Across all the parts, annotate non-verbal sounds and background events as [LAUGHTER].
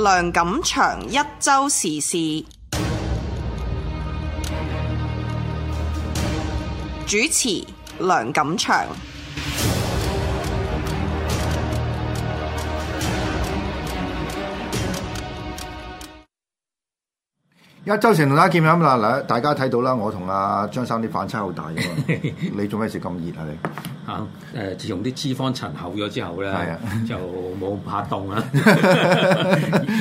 梁錦祥一周時事主持，梁錦祥。一周成同大家見面啦，嗱，大家睇到啦，我同阿張生啲反差好大嘅嘛， [LAUGHS] 你做咩事咁熱啊你？嚇、啊！自從啲脂肪層厚咗之後咧，啊、就冇怕凍啦。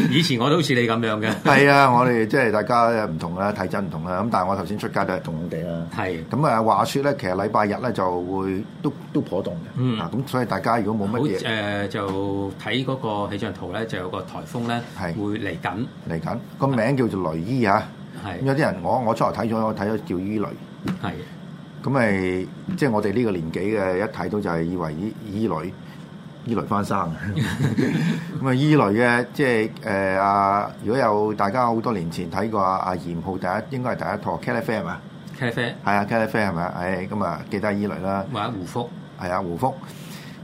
以前我都好似你咁樣嘅。係啊，我哋即係大家唔同啦，體質唔同啦。咁但係我頭先出街都係凍凍地啦。係。咁啊，話説咧，其實禮拜日咧就會都都頗凍嘅。嗯、啊。咁所以大家如果冇乜嘢，好、呃、就睇嗰個氣象圖咧，就有個颱風咧、啊、會嚟緊。嚟緊。個名叫做雷伊啊。咁、啊、有啲人，我我出嚟睇咗，我睇咗叫伊雷。咁咪即係我哋呢個年紀嘅，一睇到就係以為依依蕾依蕾翻生， [LAUGHS] [LAUGHS] 咁啊依蕾嘅即係誒啊！如果有大家好多年前睇過啊，阿嚴浩第一應該係第一套茄哩啡係嘛茄哩啡係啊茄哩啡係咪啊？咁 [LAUGHS] 是啊， [LAUGHS] 啊，記得依蕾啦。胡福係啊胡福。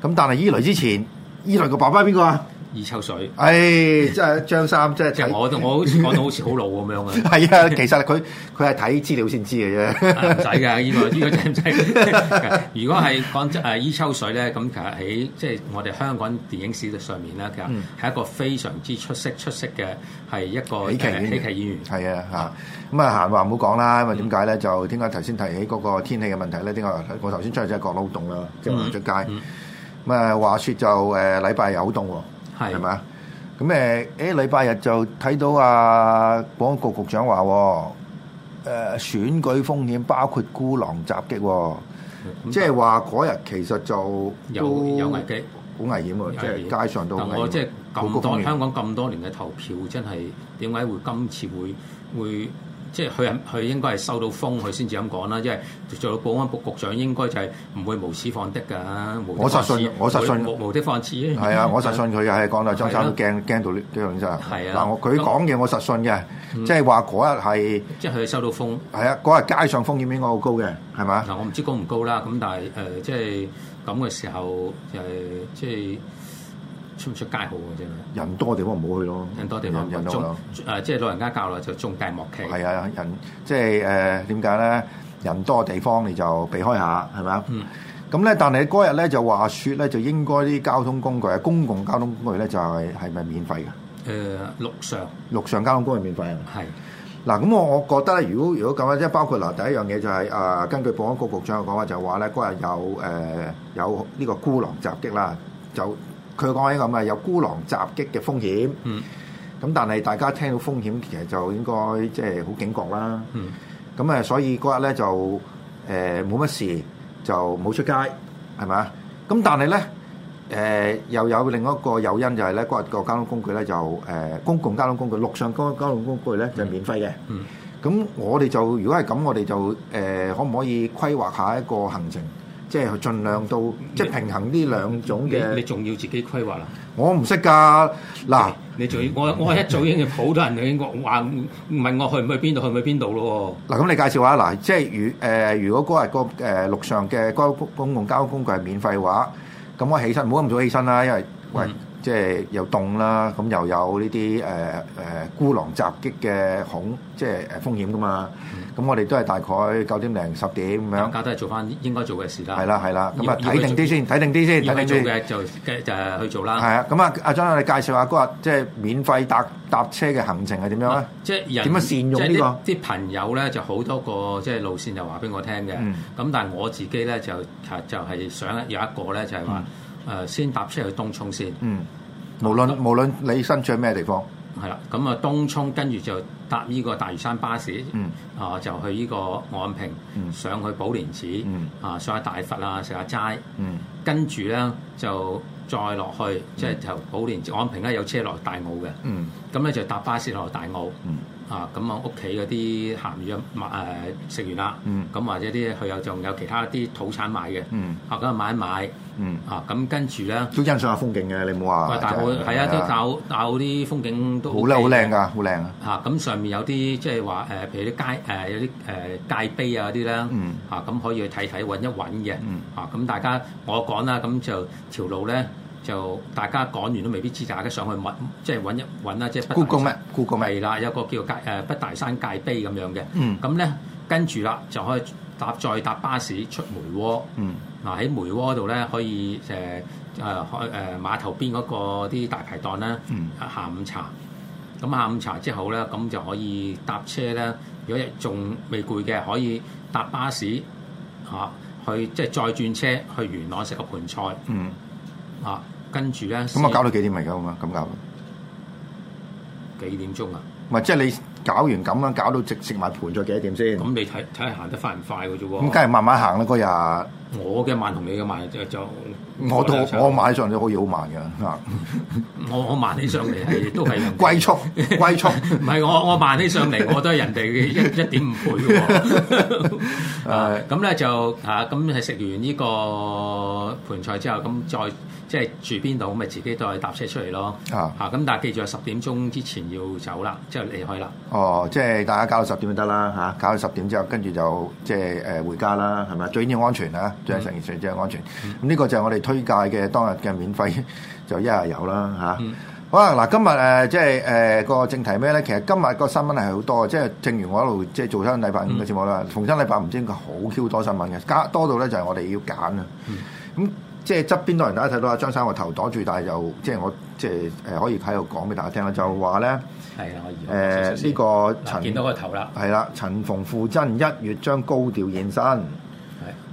咁 [LAUGHS] 但係依蕾之前依蕾個爸爸係邊個啊？伊秋水，誒即係張三，即係即係我，我好似講到好似好老咁樣啊！係啊，其實佢佢係睇資料先知嘅啫、啊，唔使嘅呢個呢、呢個真唔使。如果係講誒伊秋水咧，咁其實喺即係我哋香港電影史上面咧，其實係一個非常之出色出色嘅係一個喜劇演員，係、呃、啊嚇。咁啊閒話唔好講啦，因、嗯、為點解咧？就點解頭先提起嗰個天氣嘅問題咧？點解我頭先出去真係覺得好凍啦，即係出街。咁、嗯、啊、嗯嗯、話説就誒禮拜又好凍喎。呃係嘛？咁誒，誒、呃、禮拜日就睇到啊，保安局局長話誒、哦啊、選舉風險包括孤狼襲擊、哦，即係話嗰日其實就有有危機，好危險喎、哦！即係街上都危險。即係咁多香港咁多年嘅投票，真係點解會今次會會？即係佢佢應該係收到風，佢先至咁講啦。因為做到保安局局長應該就係唔會無恥放的㗎。我實信，我實信無無無的放矢啊，我實信佢係、 [LAUGHS] 啊啊、講到張生驚驚到呢呢樣嘢真啊，嗱，我佢講嘅我實信嘅、嗯，即係話嗰日係即係收到風。係啊，嗰日街上風險應該好高嘅，係咪？嗱、嗯，我唔知高唔高啦。咁但係誒、呃，即係咁嘅時候誒，即係。即係出唔出街好啊？啫，人多嘅地方唔好去咯。人多地方，人多，地方、啊、人多去咯。誒、呃，即係老人家教落就眾大莫欺。係啊，人即係誒點解咧？人多嘅地方你就避開下，係咪啊？嗯。咁咧，但係嗰日咧就話説咧，就應該啲交通工具、公共交通工具咧就係係咪免費嘅？誒、呃，陸上，陸上交通工具免費啊？係。嗱，咁我我覺得咧，如果如果咁樣，即係包括嗱，第一樣嘢就係、是、誒、呃，根據保安局局長嘅講話，就話咧嗰日有誒、呃、有呢個孤狼襲擊啦，就。佢講起咁啊，有孤狼襲擊嘅風險。嗯。咁但係大家聽到風險，其實就應該即係好警覺啦。嗯。咁啊，所以嗰日咧就誒冇乜事，就冇出街，係咪？咁但係咧誒又有另一個誘因就係咧嗰日個交通工具咧就誒公共交通工具陸上公共交通工具咧就免費嘅。嗯。咁我哋就如果係咁，我哋就誒可唔可以規劃下一個行程？即係盡量到，即係平衡呢兩種嘅。你仲要自己規劃啦。我唔識㗎，嗱。你仲要，我我一早已經好多人喺英國話問我去唔去邊度，去唔去邊度咯。嗱，咁你介紹下嗱，即係如誒，如果嗰日個誒陸上嘅公公共交通工具係免費嘅話，咁我起身，唔好咁早起身啦，因為喂。嗯即係又凍啦，咁又有呢啲誒誒孤狼襲擊嘅恐，即係誒風險噶嘛。咁、嗯、我哋都係大概九點零十點咁樣。大家都係做翻應該做嘅事啦。係啦係啦，咁啊睇定啲先，睇定啲先，睇定啲。要做嘅就誒去做啦。係啊，咁啊，阿張你介紹下嗰日即係免費搭搭車嘅行程係點樣啊？即係點樣善用呢、呢個？啲朋友咧就好多個即係路線就話俾我聽嘅。咁、嗯、但係我自己咧就就係、係、想有一個咧就係話。嗯誒、呃，先搭車去東涌先。嗯，無論、嗯、無論你身處咩地方，係啦，咁啊東涌跟住就搭呢個大嶼山巴士。嗯，啊就去呢個昂坪、嗯，上去寶蓮寺，嗯，啊上下大佛啊，食下齋，嗯，跟住咧就再落去，即係就寶蓮寺昂坪咧有車落大澳嘅，嗯，咁、就、咧、是嗯、就搭巴士落大澳，嗯。啊，咁啊屋企嗰啲鹹魚啊，食、呃、完啦。嗯，咁或者啲佢又仲有其他啲土產買嘅。嗯，啊咁買一買。嗯，啊咁跟住咧，都欣賞下風景嘅，你冇話。大澳，係啊，都、啊、大澳啲風景都好、OK。好靚，好靚㗎，好靚啊！咁上面有啲即係話譬如啲街，呃、有啲街界碑啊嗰啲啦。嗯，啊咁可以去睇睇，揾一揾嘅。嗯，啊咁大家我講啦，咁就條路咧。就大家講完都未必知道，大家上去揾即係揾一揾啦，即係。Google 咩？Google 咩？係啦，有個叫界誒北大山界碑咁樣嘅。嗯。咁咧，跟住啦，就可以搭再搭巴士出梅窩。嗯。嗱，喺梅窩度咧，可以誒誒開誒碼頭邊嗰個啲大排檔啦、嗯，下午茶。咁下午茶之後咧，咁就可以搭車咧。如果仲未攰嘅，可以搭巴士嚇去、啊，即係再轉車去元朗食個盆菜。嗯。啊！跟住咧，咁啊，我搞到幾點嚟噶？好嘛？咁搞幾點鐘啊？唔係，即係你搞完咁啊，搞到直食埋盤再幾多點先？咁你睇睇下行得快唔快嘅啫喎？咁梗係慢慢行啦、啊，嗰日。我嘅慢同你嘅慢就，我都我買上咗可以好慢嘅，啊！我我慢起上嚟係都係，龜速龜速唔係我我慢起上嚟 [LAUGHS] 乖 [LAUGHS] 我，我上都係人哋一一點五倍喎，咁 [LAUGHS] 咧是的笑、 [LAUGHS] 嗯、就嚇咁係食完呢個盤菜之後，咁、嗯、再即係、就是、住邊度咁咪自己再搭車出嚟咯，嚇咁、嗯、但係記住十點鐘之前要走啦，之後離開啦。哦，即係大家搞到十點就得啦嚇，搞到十點之後跟住就即係誒、呃、回家啦，係咪？ [LAUGHS] 最緊要安全啊！即係成件事即係安全，咁、嗯、呢、這個就係我哋推介嘅當日嘅免費就一日遊啦嚇。好啦，嗱今日誒、呃、即係誒個正題咩咧？其實今日個新聞係好多即係正如我一路即係做返禮拜五嘅節目啦，逢新禮拜五，唔知點解好 Q 多新聞嘅，加多到咧就係我哋要揀啦。咁、嗯嗯、即係側邊當人大家睇到阿張三個頭擋住，但係，就即係我即係誒、呃、可以喺度講俾大家聽啦，就係話以誒呢、呃這個陳、啊，見到個頭啦，係啦，陳馮富珍一月將高調現身。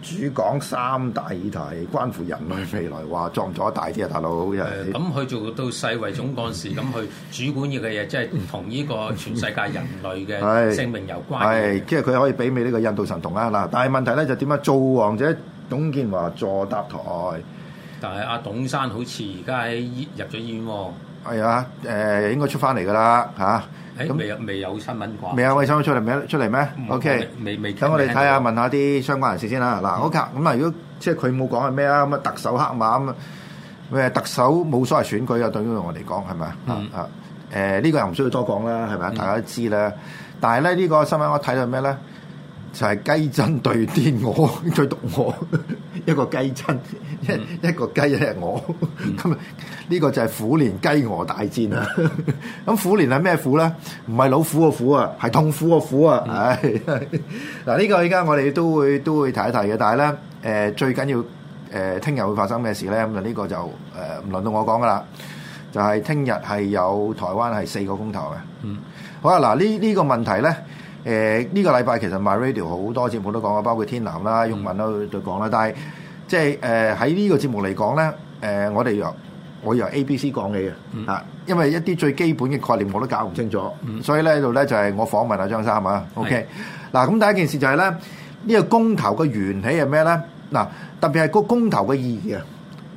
主講三大議題，關乎人類未來，話壯咗大啲啊，大佬。咁、呃、佢做到世衞總幹事，咁 [LAUGHS] 佢主管嘅嘢，即係同呢個全世界人類嘅性命有關。係、呃呃，即係佢可以媲美呢個印度神童啊！嗱，但係問題咧就點啊？造王者董建華坐搭台，但係阿、啊、董生好似而家喺入咗醫院喎。係啊，誒、啊呃、應該出翻嚟噶啦，嚇、啊。咁、欸、未有未有新聞講？未啊，佢想佢出嚟，未出嚟咩？O K，未未。等我哋睇下，問下啲相關人士先啦。嗱，O K，咁啊，如果即係佢冇講係咩啦？咁啊，特首黑馬咁，咩特首冇所謂選舉啊？對於我嚟講係咪啊？啊，呢、呃呢個又唔需要多講啦，係咪啊？大家都知啦、嗯。但係咧，呢、呢個新聞我睇到係咩咧？就係、是、雞爭對鵝，對我。一個雞真一、嗯、一個雞就是，一隻鵝。今日呢個就係苦年雞鵝大戰啦。咁、嗯、苦年係咩苦咧？唔係老虎個苦啊，係痛苦，苦、嗯哎這個苦啊。唉，嗱呢個依家我哋都會都會提一提嘅。但係咧、呃，最緊要誒聽日會發生咩事咧？咁啊呢個就誒唔輪到我講噶啦。就係聽日係有台灣係四個公投嘅。嗯好，好、呃、啊。嗱呢呢個問題咧。誒、呃、呢、這個禮拜其實 My Radio 好多節目都講啦，包括天南啦、啊、用文、啊、都都講啦。但係即係誒喺呢個節目嚟講咧，誒、呃、我哋由我由 A B C 講起嘅嚇、嗯，因為一啲最基本嘅概念我都搞唔清楚，嗯、所以咧度咧就係我訪問阿張生啊。OK、嗯、嗱，咁第一件事就係、是、咧，呢、這個公投嘅緣起係咩咧？嗱，特別係個公投嘅意義啊。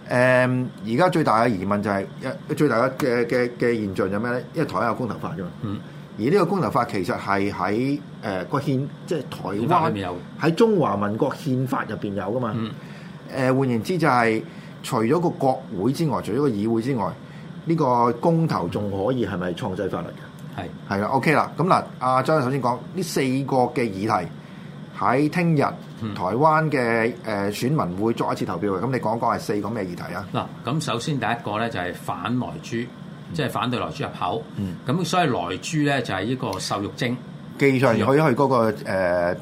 誒而家最大嘅疑問就係、是、一最大嘅嘅嘅現象就咩咧？因為台灣有公投法㗎嘛。嗯。而呢個公投法其實係喺誒個憲，即係台灣喺中華民國憲法入邊有噶嘛、嗯呃，誒換言之就係、是、除咗個國會之外，除咗個議會之外，呢、這個公投仲可以係咪創制法律嘅？係係啦，OK 啦。咁嗱，阿、啊、張首先講呢四個嘅議題喺聽日台灣嘅誒、嗯呃、選民會作一次投票嘅。咁你講一講係四個咩議題啊？嗱，咁首先第一個咧就係反萊豬。即係反對萊豬入口，咁、嗯、所以萊豬咧就係呢個瘦肉精，記上去去、那、嗰個誒，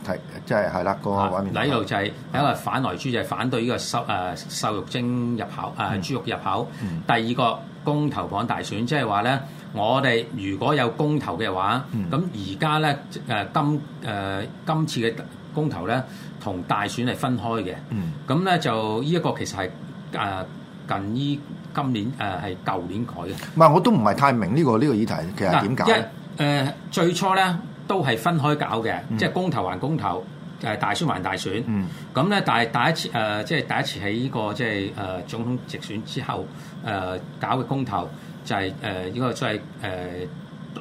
即係係啦個畫面、就是。第一度就係一個反萊豬，就係反對呢個瘦誒瘦肉精入口誒豬肉入口。嗯、第二個公投綁大選，即係話咧，我哋如果有公投嘅話，咁而家咧誒今誒、呃、今次嘅公投咧同大選係分開嘅。咁、嗯、咧就呢一個其實係誒、呃、近依。今年誒係舊年改嘅。唔係我都唔係太明呢、這個呢、這個議題，其實點解咧？誒、呃、最初咧都係分開搞嘅，嗯、即係公投還公投，誒、呃、大選還大選。咁、嗯、咧，第第一次誒、呃，即係第一次喺呢、這個即、呃、總統直選之後誒、呃、搞嘅公投、就是，就係誒依個即係、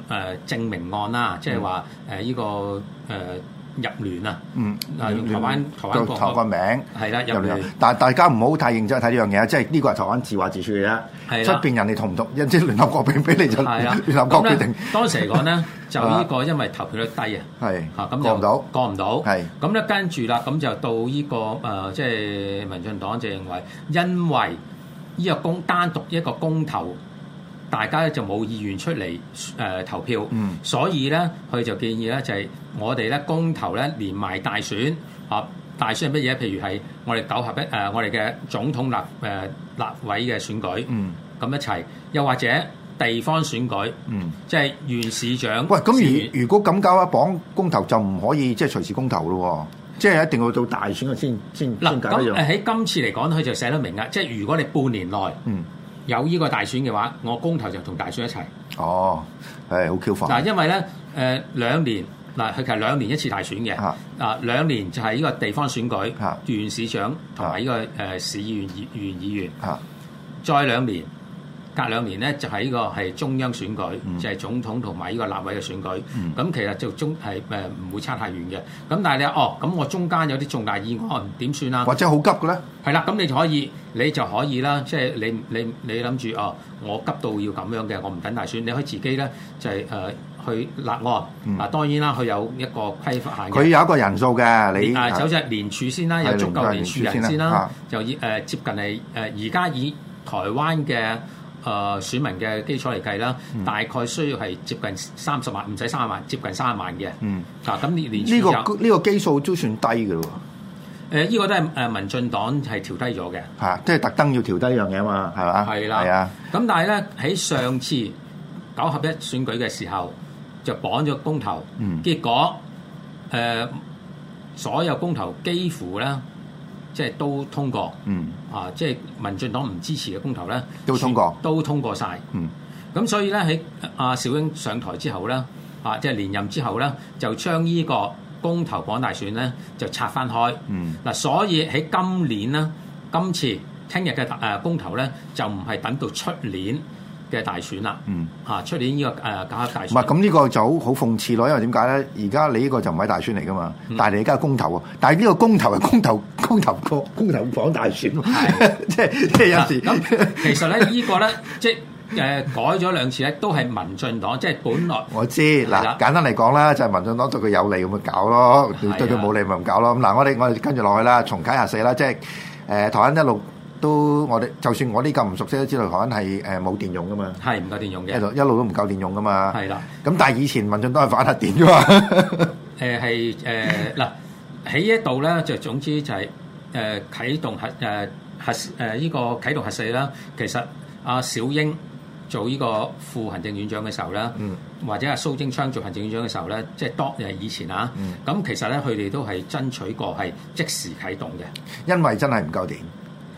呃、證明案啦，即係話誒依個、呃入聯啊！嗯，啊、嗯，台灣台灣國國名係啦，入聯。但係大家唔好太認真睇呢樣嘢，即係呢個係台灣自話自説嘅啫。係啦，出邊人哋同唔同？即係聯合國俾俾你就聯合國決定。嗯、當時嚟講咧，就呢個因為投票率低啊，係嚇，咁過唔到，過唔到係。咁咧跟住啦，咁就到呢個誒，即、呃、係、係、民進黨就認為，因為呢個公單獨一個公投。大家咧就冇意願出嚟、呃、投票，所以咧佢就建議咧就係我哋咧公投咧連埋大選啊，大選係乜嘢？譬如係我哋九合一、呃、我哋嘅總統立誒、呃、立委嘅選舉，咁、嗯、一齊，又或者地方選舉，嗯、即係縣市長市。喂，咁如如果咁搞一綁公投，就唔可以即係隨時公投咯？即係一定要到大選佢先先咁樣。喺今次嚟講，佢就寫得明噶，即係如果你半年內，嗯。有呢個大選嘅話，我公投就同大選一齊哦，係好 Q 化嗱，因為咧誒、呃、兩年嗱，佢其實兩年一次大選嘅啊，兩年就係呢個地方選舉、啊、縣市長同埋呢個誒市議員、縣、啊、議員啊，再兩年。隔兩年咧，就係、是、呢個係中央選舉，就係、是、總統同埋呢個立委嘅選舉。咁、嗯、其實就中係唔、呃、會差太遠嘅。咁但係你哦咁我中間有啲重大議案，點算啊？或者好急嘅咧，係啦，咁你就可以，你就可以啦。即、就、係、是、你你你諗住哦，我急到要咁樣嘅，我唔等大選，你可以自己咧就係、呃、去立案。嗱、嗯，當然啦，佢有一個規範限。佢有一個人數嘅，你啊，首先係連署先啦，有足夠連署人先啦、啊啊，就以、呃、接近係而家以台灣嘅。誒、呃、選民嘅基礎嚟計啦、嗯，大概需要係接近三十萬，唔使三十萬，接近三十萬嘅。嗯，啊咁年年呢個呢、呢個基數都算低嘅喎、啊呃。呢、呢、依個都係誒民進黨係調低咗嘅、啊。係即係特登要調低一樣嘢啊嘛，係嘛？係啦，係啊。咁但係咧，喺上次九合一選舉嘅時候就綁咗公投，嗯、結果誒、呃、所有公投幾乎啦。即係都通過，嗯啊，即係民進黨唔支持嘅公投咧，都通過，都通過晒。嗯。咁所以咧喺阿小英上台之後咧，啊即係連任之後咧，就將呢個公投綁大選咧就拆翻開，嗯嗱。所以喺今年啦，今次聽日嘅誒公投咧就唔係等到出年，嘅大選啦，嗯，嚇出年呢個誒搞大選，唔係咁呢個就好好諷刺咯，因為點解咧？而家你呢個就唔係大選嚟噶嘛，但係你而家公投喎，但係呢個公投係公投公投國公投綁大選咯，即係即係有時。咁、 [LAUGHS] 就是嗯、其實咧，呢個咧，即係誒改咗兩次咧，都係民進黨，即、就、係、是、本來我知嗱，簡單嚟講啦，就係、是、民進黨對佢有利咁咪搞咯，對佢冇利咪唔搞咯。咁嗱，我哋我哋跟住落去啦，重啓下四啦，即係誒、呃、台灣一路。都我哋就算我呢個唔熟悉都知道，可能係誒冇電用噶嘛。係唔夠電用嘅一路一路都唔夠電用噶嘛。係啦。咁但係以前民進都係反核電啫嘛。誒係誒嗱喺呢度咧，就總之就係、是、誒、呃、啟動核誒、呃、核誒依、呃這個啟動核四啦。其實阿小英做呢個副行政院長嘅時候咧，嗯、或者阿蘇貞昌做行政院長嘅時候咧，即係當係以前啊。咁、嗯嗯嗯、其實咧，佢哋都係爭取過係即時啟動嘅，因為真係唔夠電。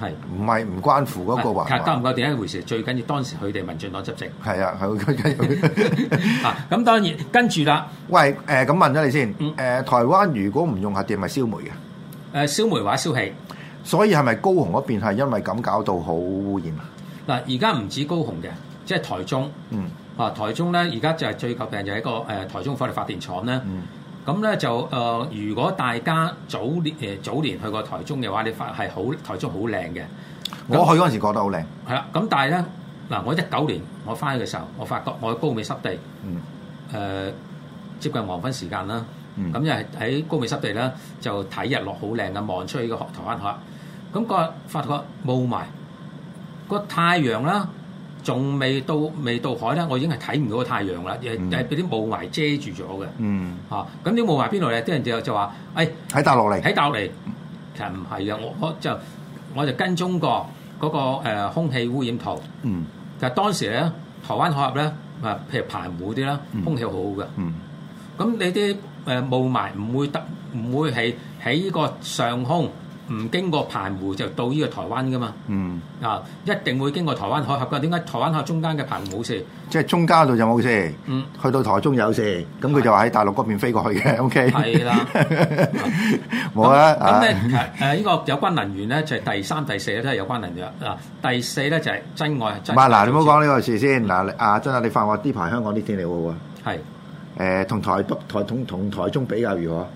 係唔係唔關乎嗰個話？夠唔夠另一回事，最緊要當時佢哋民進黨執政。係啊，係啊！咁當然跟住啦，喂誒咁問咗你先誒、呃、台灣如果唔用核電，咪燒煤嘅誒、呃、燒煤或者燒氣，所以係咪高雄嗰邊係因為咁搞到好污染啊？嗱，而家唔止高雄嘅，即係台中。嗯啊，台中咧而家就係最詬病就係一個誒台中火力發電廠咧。嗯咁咧就誒，如果大家早年誒早年去過台中嘅話，你發係好，台中好靚嘅。我去嗰陣時覺得好靚。係啦，咁但係咧嗱，我一九年我翻去嘅時候，我發覺我喺高美濕地，誒接近黃昏時間啦，咁因為喺高美濕地咧就睇日落好靚嘅，望出去個台灣海，咁個發覺霧霾個太陽啦。仲未到未到海咧，我已經係睇唔到個太陽啦，誒誒俾啲霧霾遮住咗嘅。嗯，嚇咁啲霧霾邊度嚟？啲、嗯啊、人就就話，誒、哎、喺大陸嚟，喺大陸嚟、嗯。其實唔係嘅，我我就我就跟蹤過嗰個、呃、空氣污染圖。嗯，其實當時咧，台灣海峽咧，啊譬如澎湖啲啦，空氣好好嘅。嗯，咁你啲誒霧霾唔會得唔會係喺呢個上空。唔經過澎湖就到呢個台灣噶嘛？嗯啊，一定會經過台灣海峽噶。點解台灣海峽中間嘅澎湖冇事？即係中間度就冇事。嗯，去到台中有事，咁佢就話喺大陸嗰邊飛過去嘅。O K。係、okay? 啦。冇 [LAUGHS] 啊。咁咧，誒、啊，呢、啊啊啊這個有關能源咧，就係、是、第三、第四咧，都係有關能源啊。第四咧就係真愛。唔係嗱，你唔好講呢個事先嗱、嗯啊。你發我呢排香港啲天氣你會好唔好啊？係。誒，同台北、台同同台中比較如何？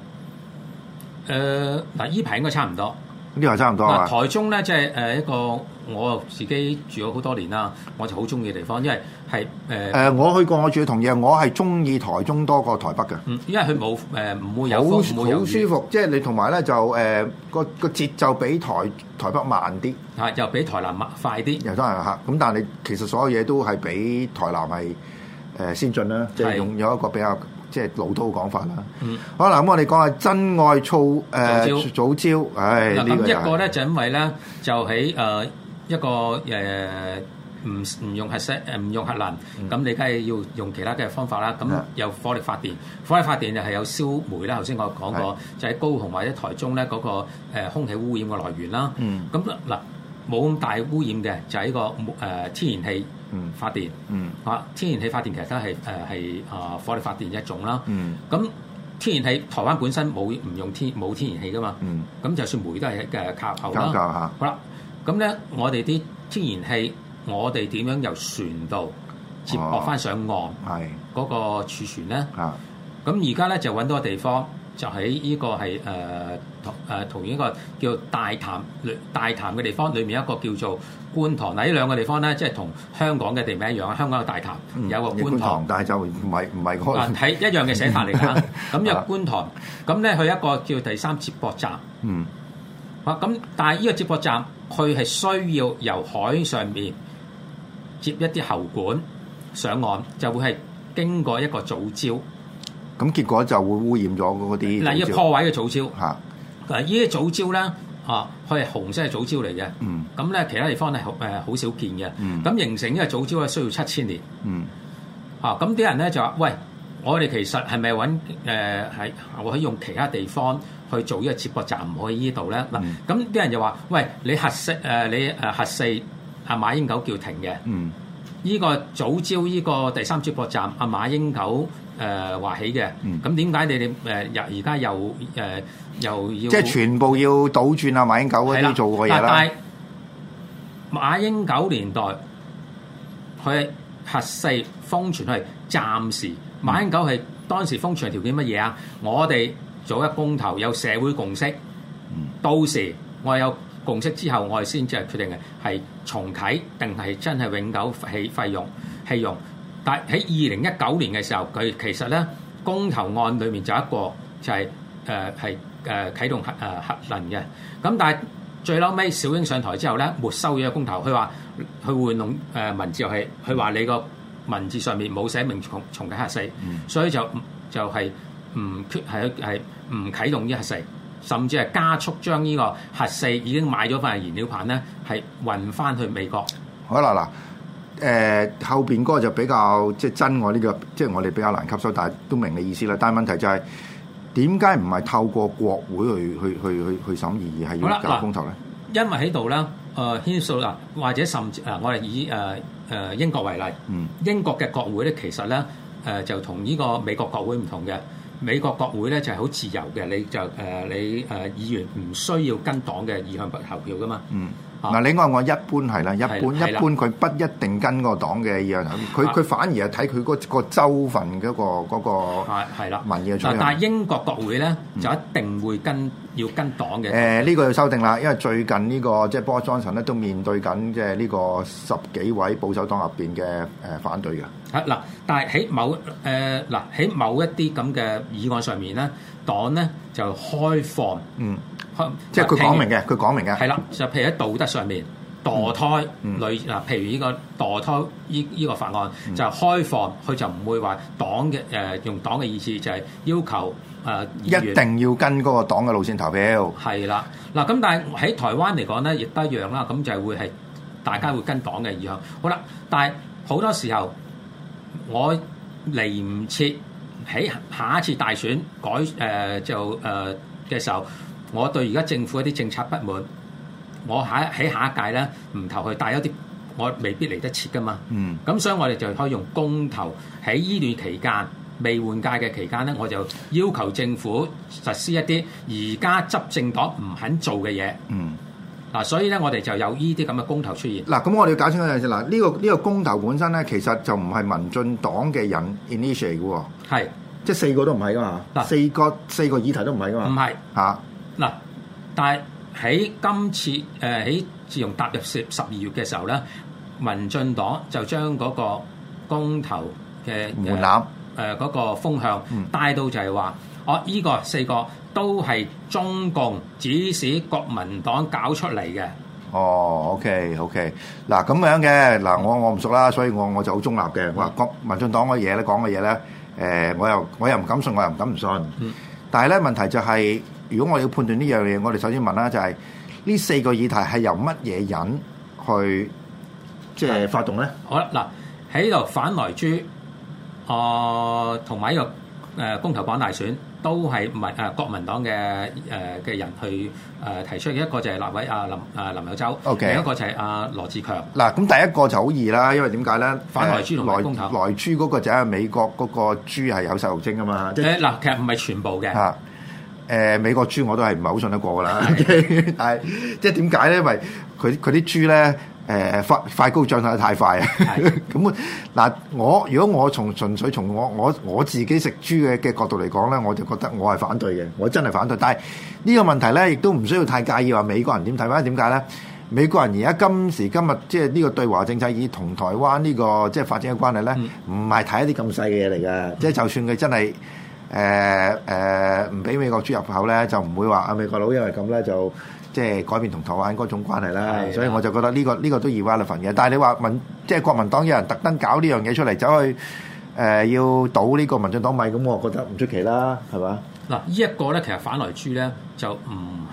誒、啊，嗱，呢排應該差唔多。呢個差唔多，台中咧，即係誒一個我自己住咗好多年啦，我就好中意嘅地方，因為係誒誒我去過，我最同意，我係中意台中多過台北嘅，嗯。因為佢冇誒唔會有好舒服，即係你同埋咧就誒個個節奏比台台北慢啲，啊又比台南快啲，又都係吓。咁但係你其實所有嘢都係比台南係誒先進啦，即係，就是，用咗一個比較。即係老套講法啦、嗯。好啦，咁我哋講下真愛措誒、呃、早朝。唉，嗱、這個就是呃，一個咧就因為咧就喺誒一個誒唔唔用核西唔用核能，咁、嗯、你梗係要用其他嘅方法啦。咁有火力發電，火力發電就係有燒煤啦。頭先我講過，的就喺高雄或者台中咧嗰、那個空氣污染嘅來源啦。咁、嗯、嗱。冇咁大污染嘅就係、是、呢個木、呃、天然氣發電，啊、嗯嗯、天然氣發電其實都係誒係啊火力發電一種啦。咁、嗯、天然氣台灣本身冇唔用天冇天然氣㗎嘛，咁、嗯、就算煤都係誒靠後啦。好啦，咁咧我哋啲天然氣，我哋點樣由船度接駁翻上岸？係嗰個儲存咧。咁而家咧就揾到個地方。就喺呢、這個係誒誒桃園一個叫大潭大潭嘅地方，裏面一個叫做觀塘。嗱，呢兩個地方咧，即係同香港嘅地名一樣，香港有大潭、嗯、有個觀塘，但係就唔係唔係嗰。啊，一樣嘅寫法嚟嘅。咁入觀塘，咁咧、啊、 [LAUGHS] 觀 [LAUGHS] 去一個叫第三接駁站。嗯。啊，咁但係呢個接駁站，佢係需要由海上面接一啲喉管上岸，就會係經過一個藻礁。咁結果就會污染咗嗰啲嗱，要破壞嘅藻礁嚇，依啲藻礁咧嚇，佢係紅色嘅藻礁嚟嘅。嗯，咁咧其他地方咧誒好少見嘅。嗯，咁形成呢個藻礁咧需要七千年。嗯，嚇咁啲人咧就話：，喂，我哋其實係咪揾誒喺我可以用其他地方去做呢個接駁站？唔可以依度咧。嗱、嗯，咁啲人就話：，喂，你核四誒你誒核四阿馬英九叫停嘅。嗯，依、呢個藻礁呢個第三接駁站阿馬英九。誒、呃、話起嘅，咁點解你哋誒又而家又誒、呃、又要？即係全部要倒轉啊！馬英九嗰啲做過嘢啦。馬英九年代，佢係核四封存係暫時。馬英九係當時封存條件乜嘢啊？我哋做一公投有社會共識、嗯，到時我有共識之後，我哋先至決定係重啟定係真係永久起費用棄用。但喺二零一九年嘅時候，佢其實咧公投案裏面就一個就係誒係誒啟動核誒、呃、核能嘅。咁但係最後尾小英上台之後咧，沒收咗個公投，佢話佢玩弄誒、呃、文字遊戲，佢話你個文字上面冇寫明重重啟核四，嗯、所以就就係唔係係唔啟動呢核四，甚至係加速將呢個核四已經買咗份燃料棒咧，係運翻去美國。好啦嗱。誒、呃、後邊嗰個就比較即係真我呢、呢個，即係我哋比較難吸收，但係都明你意思啦。但係問題就係點解唔係透過國會去去去去去審議，而係要搞公投咧？因為喺度咧，誒牽涉啦，或者甚至嗱，我哋以誒誒英國為例，嗯，英國嘅國會咧，其實咧誒、呃、就同呢個美國國會唔同嘅，美國國會咧就係好自由嘅，你就誒、呃、你誒、呃、議員唔需要跟黨嘅意向投投票噶嘛，嗯。嗱，另外我一般係啦，一般一般佢不一定跟個黨嘅議案，佢佢反而係睇佢嗰個州份嗰個嗰個民意嘅趨向。嗱，但係英國國會咧就一定會跟要跟黨嘅。誒，呢個要修訂啦，因為最近呢個即係 Boris Johnson 咧都面對緊即係呢個十幾位保守黨入邊嘅誒反對嘅。嚇嗱，但係喺某誒嗱喺某一啲咁嘅議案上面咧，黨咧就開放嗯。即係佢講明嘅，佢講明嘅係啦，就譬如喺道德上面墮胎類嗱，譬如依個墮胎依依個法案就開放，佢就唔會話黨嘅誒，用黨嘅意思就係要求誒，一定要跟嗰個黨嘅路線投票係啦。嗱咁，但係喺台灣嚟講咧，亦都一樣啦。咁就係會係大家會跟黨嘅意向。好啦，但係好多時候我嚟唔切喺下一次大選改誒就誒嘅時候。我對而家政府的一啲政策不滿，我喺喺下一屆咧唔投去，但有啲我未必嚟得切噶嘛。嗯，咁所以我哋就可以用公投喺依段期間未換屆嘅期間咧，我就要求政府實施一啲而家執政黨唔肯做嘅嘢。嗯、啊，嗱，所以咧我哋就有呢啲咁嘅公投出現。嗱，咁我哋要搞清楚陣時，嗱呢個呢個公投本身咧，其實就唔係民進黨嘅人 initiate 嘅喎。係，即係四個都唔係噶嘛。嗱、啊，四個四個議題都唔係噶嘛。唔係嚇。啊。嗱，但係喺今次誒喺自從踏入十十二月嘅時候咧，民進黨就將嗰個公投嘅門檻誒嗰個風向帶到就係話，哦呢個四個都係中共指使國民黨搞出嚟嘅。哦，OK OK，嗱咁樣嘅，嗱我我唔熟啦，所以我我就好中立嘅。我話國民進黨嘅嘢咧，講嘅嘢咧，誒我又我又唔敢信，我又唔敢唔信。但係咧問題就係。如果我要判斷呢樣嘢，我哋首先問啦，就係、是、呢四個議題係由乜嘢人去即係、就是、發動咧？好啦，嗱喺度反萊豬，啊同埋呢個誒、呃、公投綁大選都係民誒、呃、國民黨嘅誒嘅人去誒、呃、提出嘅一個就係立委啊林啊林為洲，okay。另一個就係、是、阿、呃、羅智強。嗱咁第一個就好易啦，因為點解咧？反萊豬同公投萊豬嗰個就係美國嗰個豬係有細路精啊嘛。誒嗱，其實唔係全部嘅。誒、呃、美國豬我都係唔係好信得過㗎啦， [LAUGHS] 但係即係點解咧？因為佢佢啲豬咧誒快快高漲得太快啊！咁嗱， [LAUGHS] 我如果我從純粹從我我我自己食豬嘅嘅角度嚟講咧，我就覺得我係反對嘅，我真係反對。但係呢個問題咧，亦都唔需要太介意話美國人點睇，因為點解咧？美國人而家今時今日即係呢個對華政策以同台灣呢、呢個即係發展嘅關係咧，唔係睇一啲咁細嘅嘢嚟㗎。嗯、即係就算佢真係。誒誒唔俾美國豬入口咧，就唔會話啊美國佬因為咁咧就即係改變同台灣嗰種關係啦。所以我就覺得呢、呢個呢、呢個都易話嘞份嘅。但係你話民即係國民黨有人特登搞呢樣嘢出嚟走去誒、呃、要倒呢個民進黨米，咁我覺得唔出奇啦，係嘛？嗱，呢一個咧其實反來豬咧就唔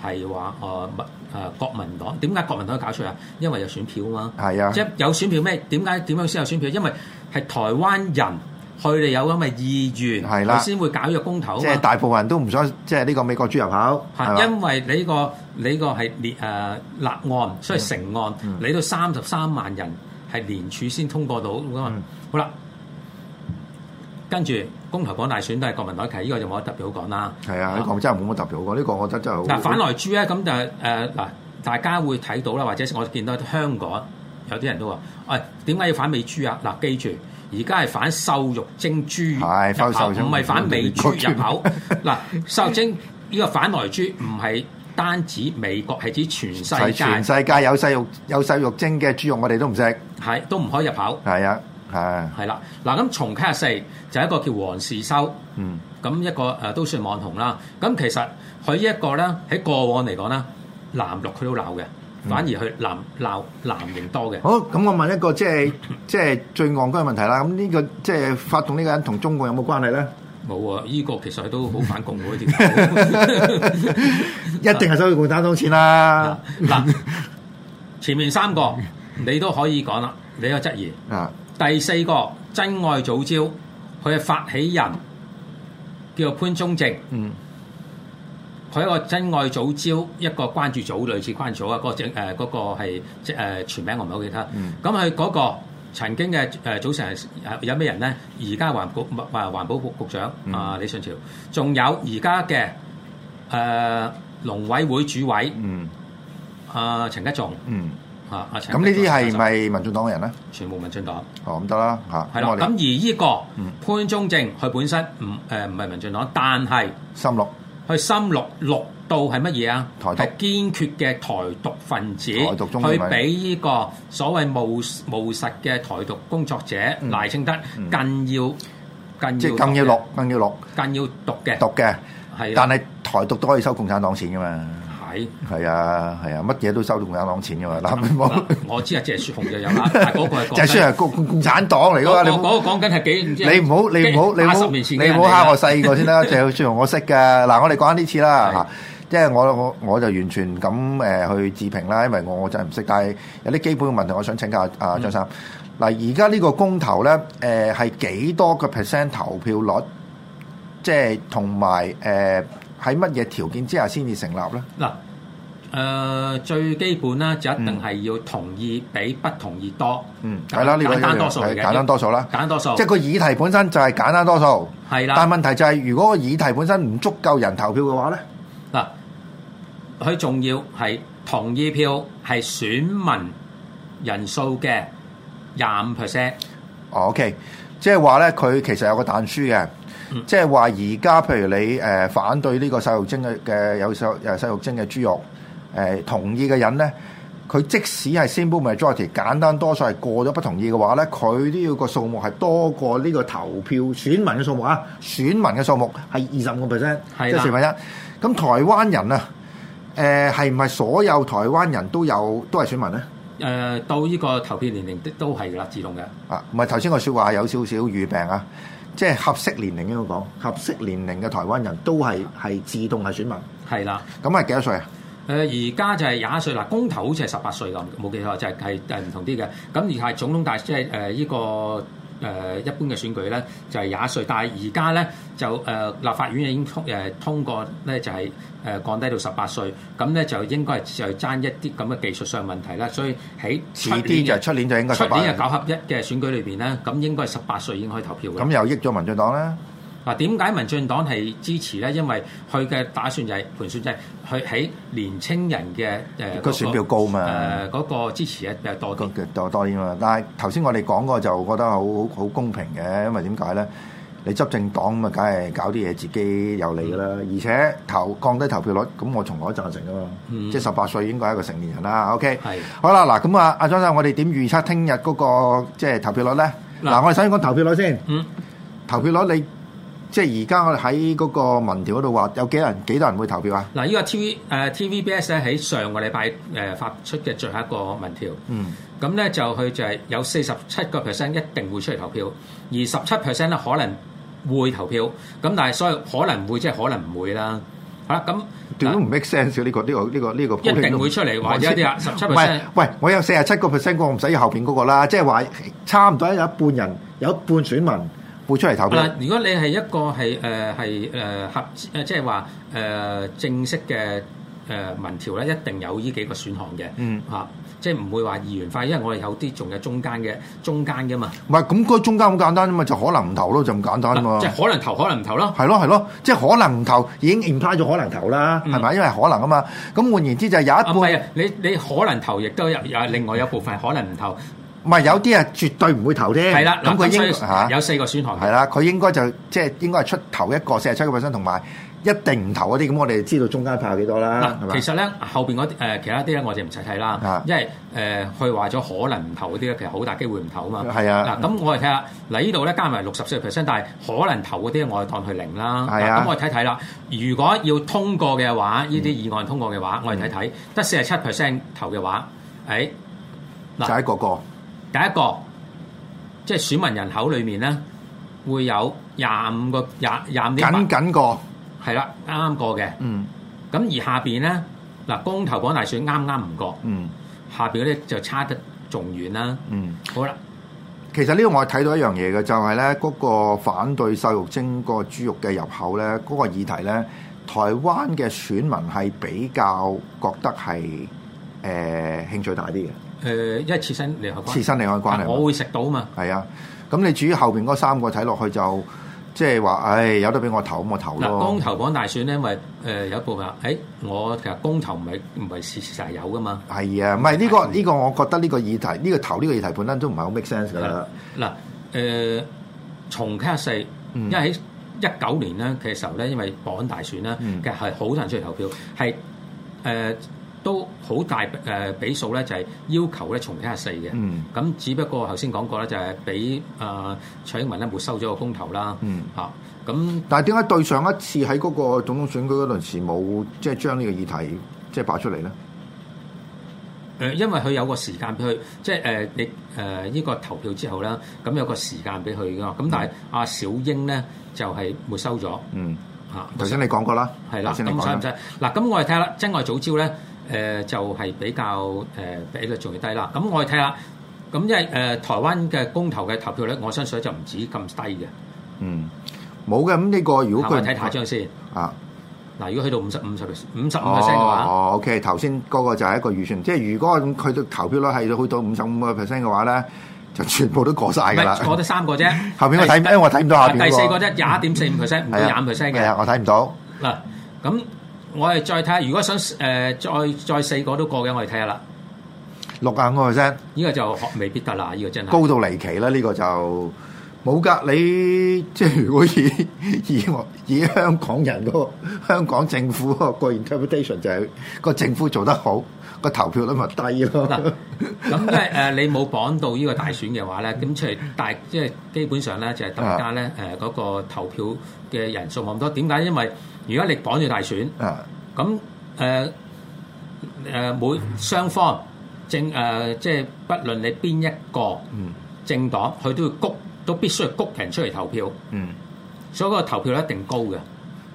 係話啊民啊國民黨點解國民黨搞出嚟？因為有選票啊嘛。係啊，即係有選票咩？點解點樣先有選票？因為係台灣人。佢哋有咁嘅意願，先會搞咗公投。即係大部分人都唔想，即係呢個美國豬入口。嚇，因為你、這個你這個係連誒立案，所以成案，你、嗯嗯、到三十三萬人係聯署先通過到啊、嗯嗯。好啦，跟住公投綁大選都係國民黨提，呢、這個就冇得特別好講啦。係啊，國、這、民、個、真係冇乜特別好講，呢、這個我覺得真係。嗱反萊豬咧，咁就誒嗱、呃，大家會睇到啦，或者我見到香港有啲人都話：，喂、哎，點解要反美豬啊？嗱，記住。而家係反瘦肉精豬肉入，唔係反美豬入口。嗱、哎，瘦肉精呢個反來豬，唔係單止美國，係指全世界。 [LAUGHS] 全世界有瘦肉有瘦肉精嘅豬肉我們，我哋都唔食，係都唔可以入口。係啊，係。係啦，嗱咁重啟核四就係一個叫黃士修，嗯，嗯，咁一個誒都算網紅啦。咁其實佢呢一個咧喺過往嚟講咧，藍綠佢都鬧嘅。反而去鬧鬧南營多嘅、嗯。好，咁我問一個即係即係最戇居嘅問題啦。咁、這、呢個即係發動呢個人同中共有冇關係咧？冇啊！依、這個其實都好反共嘅啲人， [LAUGHS] [LAUGHS] 一定係想去換攤攤錢啦、啊。嗱、啊，前面三個你都可以講啦，你有質疑。啊，第四個珍愛藻礁，佢係發起人叫做潘忠政。嗯。佢一個珍愛藻礁一個關注組，類似關注組啊，嗰個係、呃嗰個呃、全名我唔係好記得。咁佢嗰個曾經嘅組、呃、成有咩人咧？而家環保、呃、環保局局長、嗯、啊，李信朝，仲有而家嘅農委會主委，嗯、呃，阿陳吉仲，嗯、呃，嚇阿陳。咁呢啲係咪民進黨嘅人咧？全部民進黨。哦，咁得啦，嚇、啊。係啦。咁而呢、呢個潘忠政，佢本身唔唔係民進黨，但係六。去深綠綠度係乜嘢啊？台獨，係堅決嘅台獨分子，去俾呢個所謂務務實嘅台獨工作者賴清德，更要更要即係更要綠，更要綠，更要獨嘅獨嘅，係。但係台獨都可以收共產黨錢㗎嘛？係啊，係啊，乜嘢都收到共產黨錢噶嘛。嗱，我我知啊，即係雪紅就有啦，但係嗰個係，就係雪係共共產黨嚟噶嘛。嗰個講緊係幾？你唔好你唔好你唔好你唔好蝦我細個先啦。即係雪紅我識噶。嗱，我哋講緊呢次啦，即係我我我就完全咁誒去自評啦，因為我真係唔識。但係有啲基本嘅問題，我想請教阿阿張生。嗱，而家呢個公投咧，誒係幾多個 percent 投票率？即係同埋誒，喺乜嘢條件之下先至成立咧？嗱。誒、呃、最基本咧就一定係要同意比不同意多，嗯，係、嗯、啦，呢個簡單多數嚟嘅，簡單多數啦，簡單多數，即係個議題本身就係簡單多數，係啦。但問題就係、是、如果個議題本身唔足夠人投票嘅話咧，嗱，佢仲要係同意票係選民人數嘅廿五 percent。哦，OK，即係話咧，佢其實有個彈書嘅、嗯，即係話而家譬如你、呃、反對呢個瘦肉精嘅嘅有瘦誒瘦肉精嘅豬肉。誒同意嘅人咧，佢即使係 simple majority 簡單多數係過咗不同意嘅話咧，佢都要個數目係多過呢個投票選民嘅數目啊！選民嘅數目係二十五個 percent，即係四分一。咁台灣人啊，誒係唔係所有台灣人都有都係選民咧？誒，到呢個投票年齡都都係啦，自動嘅。啊，唔係頭先我説話有少少語病啊，即係合適年齡應該講合適年齡嘅台灣人都係係自動係選民。係啦。咁係幾多歲啊？誒而家就係廿歲啦，公投好似係十八歲啦，冇記錯就係係誒唔同啲嘅。咁而係總統大即係誒呢個誒一般嘅選舉咧，就係廿歲。但係而家咧就誒、呃、立法院已經通通過咧，就係、是、誒、呃、降低到十八歲。咁咧就應該係就爭一啲咁嘅技術上問題啦。所以喺遲啲就係出年就應該十八。出年嘅九合一嘅選舉裏邊咧，咁應該係十八歲已經可以投票嘅。咁又益咗民進黨咧？嗱，點解民進黨係支持咧？因為佢嘅打算就係盤算、那個，就係佢喺年青人嘅誒嗰個選票高嘛，誒、呃、嗰、那個支持咧比較多啲多多啲嘛。但係頭先我哋講過就覺得好好公平嘅，因為點解咧？你執政黨咁啊，梗係搞啲嘢自己有利噶啦、嗯。而且投降低投票率，咁我從來贊成噶嘛、嗯。即係十八歲應該係一個成年人啦。O K，係好啦。嗱咁啊，阿張生，我哋點預測聽日嗰個即係、就是、投票率咧？嗱、嗯，我哋首先講投票率先。嗯，投票率你。即係而家我哋喺嗰個民調嗰度話，有幾多人幾多人會投票啊？嗱，呢個 TV 誒、呃、TVBS 咧喺上個禮拜誒發出嘅最後一個民調。嗯就就。咁咧就佢就係有四十七個 percent 一定會出嚟投票，而十七 percent 咧可能會投票。咁但係所以可能會即係可能唔會啦。嚇咁點都唔 make sense 嘅呢個呢個呢個呢個。一定會出嚟或者啲啊十七 percent。喂，喂我有四十七個 percent，我唔使要後邊嗰個啦。即係話差唔多有一半人有一半選民，會出嚟投票。嗱，如果你係一個係誒係誒合誒，即係話誒正式嘅誒民調咧，一定有呢幾個選項嘅。嗯、啊，嚇，即係唔會話二元化，因為我哋有啲仲有中間嘅中間嘅嘛。唔係，咁個中間咁簡單啫嘛，就可能唔投咯，就咁簡單嘛。即、就、係、是、可能投，可能唔投係咯。係咯係咯，即係可能唔投已經 imply 咗可能投啦，係、嗯、咪？因為可能啊嘛。咁換言之就係有一半。唔係啊，你你可能投也有，亦都有有另外有部分可能唔投。嗯唔係有啲啊，絕對唔會投啲。係啦，咁佢應該有四個選項。係啦，佢應該就即係、啊、應該係、就是、出頭一個四十七個 percent，同埋一定唔投嗰啲。咁我哋知道中間派有幾多啦。嗱、啊，其實咧後邊嗰啲其他啲咧，我哋唔使睇啦。因為誒佢話咗可能唔投嗰啲咧，其實好大機會唔投啊嘛。係啊。嗱咁我哋睇下嗱，呢度咧加埋六十四個 percent，但係可能投嗰啲我哋當佢零啦。係啊。咁我哋睇睇啦，如果要通過嘅話，呢、嗯、啲議案通過嘅話，嗯、我哋睇睇得四十七 percent 投嘅話，誒、哎、嗱，就喺個個。第一個即係選民人口裏面咧，會有廿五個、廿五點，僅僅過係啦，啱啱過嘅。嗯，咁而下邊咧嗱，光頭講大選啱啱唔過。嗯，下邊嗰啲就差得仲遠啦。嗯，好啦，其實呢個我睇到一樣嘢嘅，就係咧嗰個反對瘦肉精個豬肉嘅入口咧，嗰、嗰個議題咧，台灣嘅選民係比較覺得係誒、呃、興趣大啲嘅。誒，因為切身利害關切身利害關係，關係我會食到嘛？係啊，咁你至於後邊嗰三個睇落去就，即係話，唉，有得俾我投，咁我投咯。嗱，公投綁大選咧，因為誒、呃、有一部分話，誒、哎、我其實公投唔係唔係事實係有噶嘛？係啊，唔係呢個呢個，呢個我覺得呢個議題，呢、呢個投呢個議題本、呃，本身都唔係好 make sense 噶啦。嗱，誒重測四，因為喺一九年咧嘅時候咧，因為綁大選咧，嗯、其實係好多人出嚟投票，係誒。呃都好大誒比、呃、比數咧，就係、是、要求咧重聽下四重啟核四嘅。咁、嗯、只不過頭先講過咧，就係俾誒蔡英文咧沒收咗個公投啦。嚇、嗯、咁、啊，但係點解對上一次喺嗰個總統選舉嗰陣時冇即係將呢個議題即係擺出嚟咧？誒、呃，因為佢有個時間俾佢，即係誒你誒呢、呃這個投票之後啦，咁有個時間俾佢噶嘛。咁但係阿小英咧就係、是、沒收咗。嗯嚇，頭、啊、先你講過啦，係啦。咁所以唔使嗱，咁、嗯、我哋睇下啦，珍愛藻礁咧。誒、呃、就係、是、比較誒、呃、比率仲要低啦，咁我哋睇下，咁即係誒台灣嘅公投嘅投票率，我相信就唔止咁低嘅。嗯，冇嘅，咁、這、呢個如果佢睇下張先啊，嗱，如果去到五十五十、五十五個 percent 嘅話，哦，哦，OK，頭先嗰個就係一個預算，即係如果佢嘅投票率係去到五十五個 percent 嘅話咧，就全部都過晒。㗎啦，過得三個啫， [LAUGHS] 後邊我睇， [LAUGHS] 因為我睇唔到下邊、那個，第四個啫，廿一點四五 percent，唔到廿五 percent 嘅，我睇唔到嗱，咁、啊。我哋再睇下，如果想誒、呃、再再四個都過嘅，我哋睇下啦，六啊五個 percent，呢個就未必得啦，呢、呢個真係高到離奇啦！呢、呢個就冇噶，你即係如果以以以香港人、嗰個香港政府個 interpretation 就係個政府做得好，個投票率咪低咯。咁即係誒你冇綁到呢個大選嘅話咧，咁出嚟大即係基本上咧就係增加咧誒嗰個投票嘅人數冇咁多。點解？因為如果你綁住大選，咁誒誒每雙方政誒、呃，即係不論你邊一個、嗯、政黨，佢都要谷，都必須要谷人出嚟投票，嗯、所以個投票率一定高嘅。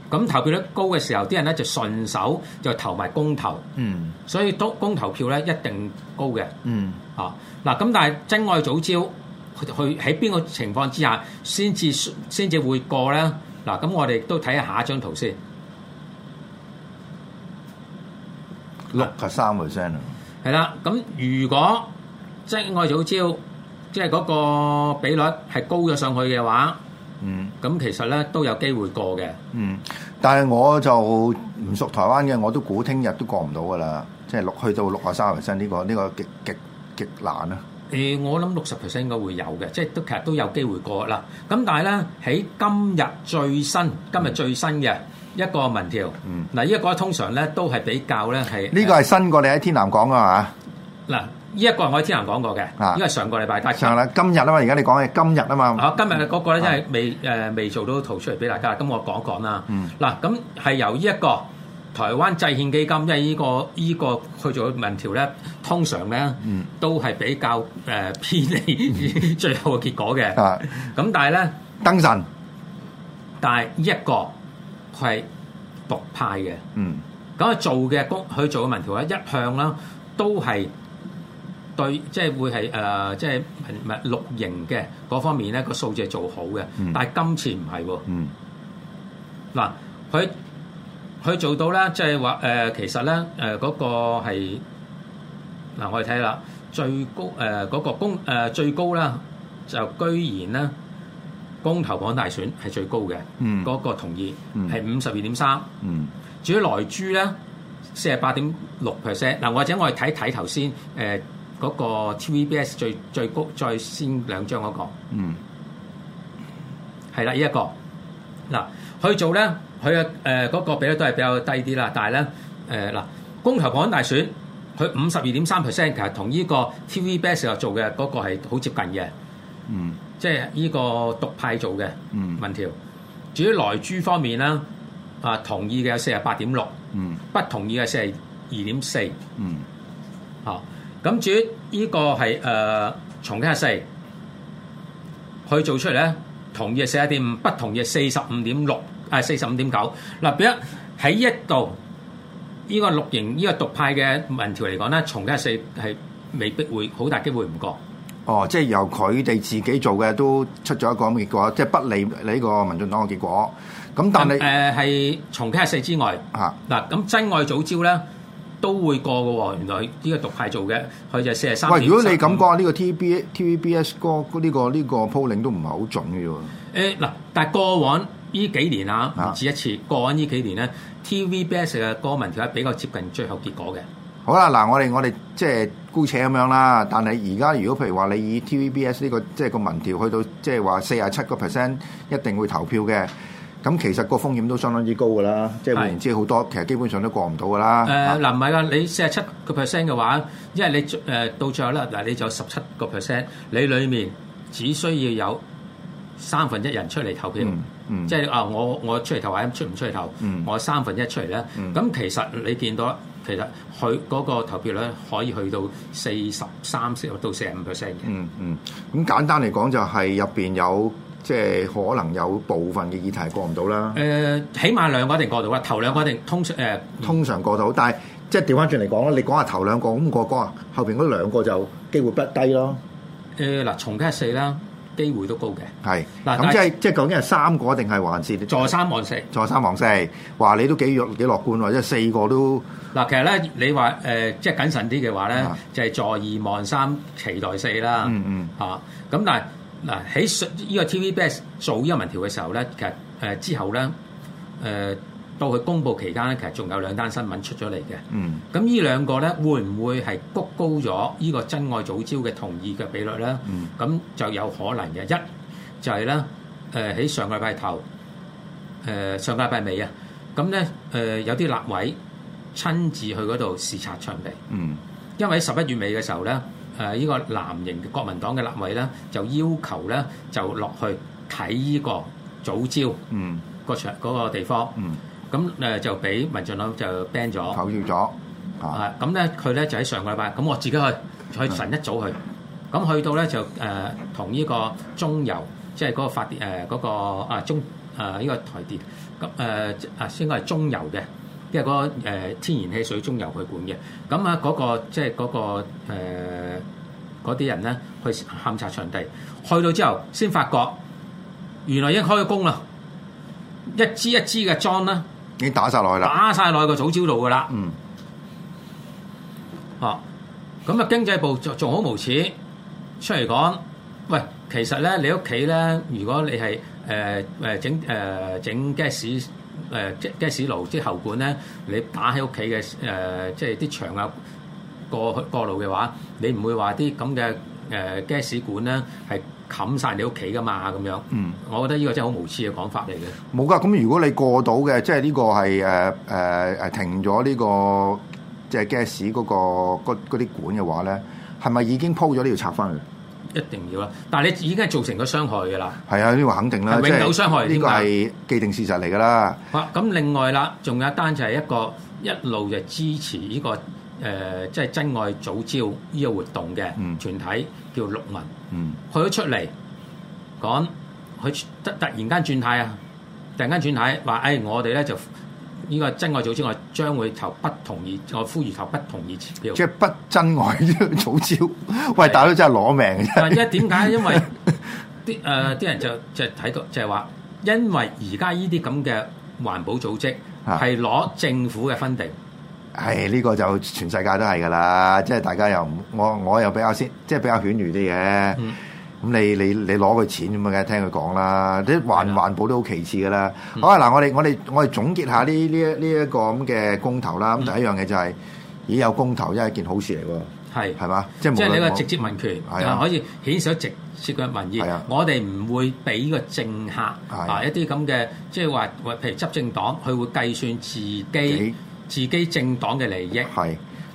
咁投票率高嘅時候，啲人咧就順手就投埋公投，嗯、所以都公投票咧一定高嘅、嗯。啊，嗱咁但係珍愛藻礁，佢佢喺邊個情況之下先至先至會過咧？嗱，咁我哋都睇下下一張圖先，六十三 percent 啊。係啦，咁如果即係外早朝，即係嗰個比率係高咗上去嘅話，嗯，咁其實咧都有機會過嘅，嗯。但係我就唔熟台灣嘅，我都估聽日都過唔到噶啦，即係六去到六十三 percent 呢個呢個極極極難啊！誒，我諗六十 percent 應該會有嘅，即係都其實都有機會過啦。咁但係咧，喺今日最新，今日最新嘅一個民調，嗯，嗱，依一個通常咧都係比較咧係，呢個係新過你喺天南講噶嘛？嗱，依一個係我喺天南講過嘅，啊，依個上個禮拜，加上啦，今日啊嘛，而家你講嘅今日啊嘛，啊，今日嘅嗰個咧真係未誒未做到圖出嚟俾大家，咁我講一講啦。嗯，嗱，咁係由依一個。台灣制憲基金，因係呢個依、這個、去做民調咧，通常咧都係比較誒、呃、偏離、嗯、最後嘅結果嘅。咁、嗯、但係咧，登神，但係一個係獨派嘅。嗯的，咁佢做嘅工，佢做嘅民調咧，一向啦都係對，即、就、係、是、會係誒，即係綠營嘅嗰方面咧，個數字係做好嘅。嗯、但係今次唔係喎。嗯、啊。嗱，佢。佢做到咧，即係話誒，其實咧，誒、呃、嗰、那個係嗱、呃，我哋睇啦，最高誒嗰、呃那個公誒、呃、最高啦，就居然咧公投綁大選係最高嘅，嗯，嗰、那個同意係五十二點三，嗯，至於萊豬咧四十八點六 percent，嗱，或者我哋睇睇頭先誒嗰個 TVBS 最最高再先兩張嗰個，嗯，係啦，這個呃、呢一個嗱，去做咧。佢嘅誒嗰個比率都係比較低啲啦，但係咧誒嗱公投綁大選佢五十二點三 percent，其實同呢個 TVBS 又做嘅嗰個係好接近嘅，嗯，即係呢個獨派做嘅，嗯，民調。嗯、至於萊豬方面啦，啊，同意嘅有四十八點六，嗯，不同意嘅四十二點四，嗯，嚇咁至於呢個係誒、呃、重啟核四，佢做出嚟咧，同意係四十一點五，不同意係四十五點六。啊，四十五點九嗱，變一喺呢一度，呢個綠營呢個獨派嘅民調嚟講咧，重啟四係未必會好大機會唔過。哦，即係由佢哋自己做嘅都出咗一個結果，即係不利呢個民進黨嘅結果。咁但係誒係重啟四之外啊嗱，咁珍愛藻礁咧都會過嘅喎。原來呢個獨派做嘅，佢就係四十三。喂，如果你咁講呢個 T B T V B S 哥呢個呢個 polling 都唔係好準嘅喎。誒嗱，但係過往。呢幾年啊，唔止一次、啊、過緊呢幾年咧。TVBS 嘅個民調係比較接近最後結果嘅。好啦，嗱我哋我哋即係姑且咁樣啦。但係而家如果譬如話你以 TVBS 呢、這個即係、就是、個民調去到即係話四十七個 percent 一定會投票嘅，咁其實個風險都相當之高㗎啦。即係換言之，好多其實基本上都過唔到㗎啦。誒嗱唔係㗎，你四十七個 percent 嘅話，因為你誒、呃、到最後啦，嗱你就十七個 percent，你裡面只需要有三分一人出嚟投票。嗯嗯、即係啊，我我出嚟投，或者出唔出嚟投？嗯，我三分一出嚟咧。咁、嗯、其實你見到其實佢嗰、那個投票率可以去到四十三四到四十五 percent 嘅。嗯嗯，咁簡單嚟講就係入邊有即係、就是、可能有部分嘅議題過唔到啦。誒、呃，起碼兩個一定過到啦，頭兩個一定通常、呃、通常過到，但係即係調翻轉嚟講啦，你講下頭兩個咁過關，說說後邊嗰兩個就機會不低咯。誒、呃、嗱，重緊係四啦。機會都高嘅，係嗱，咁即係即係，究竟係三個定係還是？坐三望四，坐三望四，話你都幾樂幾樂觀，或者四個都嗱。其實咧，你話誒、呃、即係謹慎啲嘅話咧、啊，就係、是、坐二望三，期待四啦。嗯嗯，嚇咁，但係嗱喺呢個 TVB s 做民調嘅時候咧，其實誒、呃、之後咧，誒、呃。到佢公布期間咧，其實仲有兩單新聞出咗嚟嘅。嗯，咁依兩個咧，會唔會係谷高咗依個珍愛藻礁嘅同意嘅比率咧？嗯，咁就有可能嘅。一就係咧，誒喺上個禮拜頭，誒上個禮拜尾啊。咁咧，誒有啲立委親自去嗰度視察場地。嗯，因為喺十一月尾嘅時候咧，誒依個藍營國民黨嘅立委咧就要求咧就落去睇依個藻礁。嗯，個場嗰個地方。嗯。咁就俾民進黨就 ban 咗，扣住咗。啊，咁咧佢咧就喺上個禮拜，咁我自己去，去晨一早去，咁去到咧就同呢、呃、個中油，即係嗰個發電嗰、呃那個啊中誒呢、呃這個台電，咁誒啊應該係中油嘅，即係嗰誒天然氣水，中油去管嘅。咁啊嗰個即係嗰個嗰啲、呃、人咧去勘察場地，去到之後先發覺原來已經開咗工啦，一支一支嘅裝啦。已經打晒落去啦，打晒落去個早朝度噶啦。嗯，哦，咁啊，經濟部仲仲好無恥，出嚟講，喂，其實咧，你屋企咧，如果你係誒誒整誒、呃、整 gas 誒、呃、gas, gas 爐即喉管咧，你打喺屋企嘅誒，即係啲牆啊過過路嘅話，你唔會話啲咁嘅誒 gas 管咧係冚晒你屋企噶嘛咁樣？嗯，我覺得呢個真係好無恥嘅講法嚟嘅。冇噶，咁如果你過到嘅，即係呢個係誒誒誒停咗呢個即係 gas 嗰個嗰啲管嘅話咧，係咪已經鋪咗呢條拆翻去？一定要啦！但係你已經係造成咗傷害噶啦。係啊，呢個肯定啦，永久傷害。呢個係既定事實嚟噶啦。啊，咁另外啦，仲有一單就係一個一路就支持呢個。誒、呃，即係珍愛藻礁呢個活動嘅團體叫綠盟，嗯嗯嗯去咗出嚟講，佢突突然間轉態啊！突然間轉態，話誒、哎，我哋咧就呢個珍愛藻礁，我將會投不同意，我呼籲求不同意票即，即係不珍愛藻礁，喂，大佬真係攞命嘅啫、 [LAUGHS] 呃就是。因為點解？因為啲誒啲人就就睇到，就係話，因為而家呢啲咁嘅環保組織係攞政府嘅分地。係呢個就全世界都係噶啦，即係大家又我我又比較先，即係比較犬儒啲嘅。咁你你你攞佢錢咁樣，聽佢講啦。啲環環保都好其次噶啦。好啊，嗱，我哋我哋我哋總結下呢呢一呢一個咁嘅公投啦。咁第一樣嘢就係，咦？有公投真係一件好事嚟喎。係係嘛？即係即係呢個直接民權，係可以顯示一直接嘅民意。係啊，我哋唔會俾個政客啊一啲咁嘅，即係話話譬如執政黨，佢會計算自己。自己政黨嘅利益，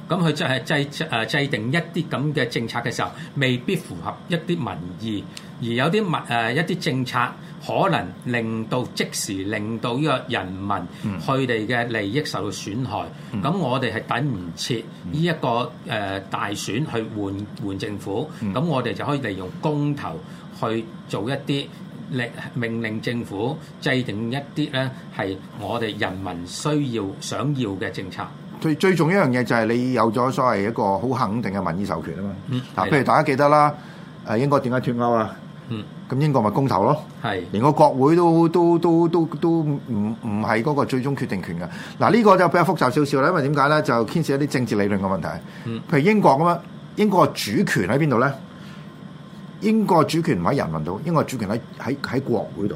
咁佢就係制誒制，制定一啲咁嘅政策嘅時候，未必符合一啲民意，而有啲物誒一啲政策可能令到即時令到呢個人民佢哋嘅利益受到損害。咁、嗯、我哋係等唔切呢一個誒大選去換換政府，咁、嗯、我哋就可以利用公投去做一啲。令命令政府制定一啲咧，係我哋人民需要想要嘅政策。最最重要一樣嘢就係你有咗所謂一個好肯定嘅民意授權啊嘛。嗱、嗯，譬如大家記得啦，誒英國點解脱歐啊？嗯，咁英國咪公投咯。係連個國會都都都都都唔唔係嗰個最終決定權嘅。嗱，呢個就比較複雜少少啦，因為點解咧，就牽涉一啲政治理論嘅問題、嗯。譬如英國咁樣，英國嘅主權喺邊度咧？英國主權唔喺人民度，英國主權喺喺喺國會度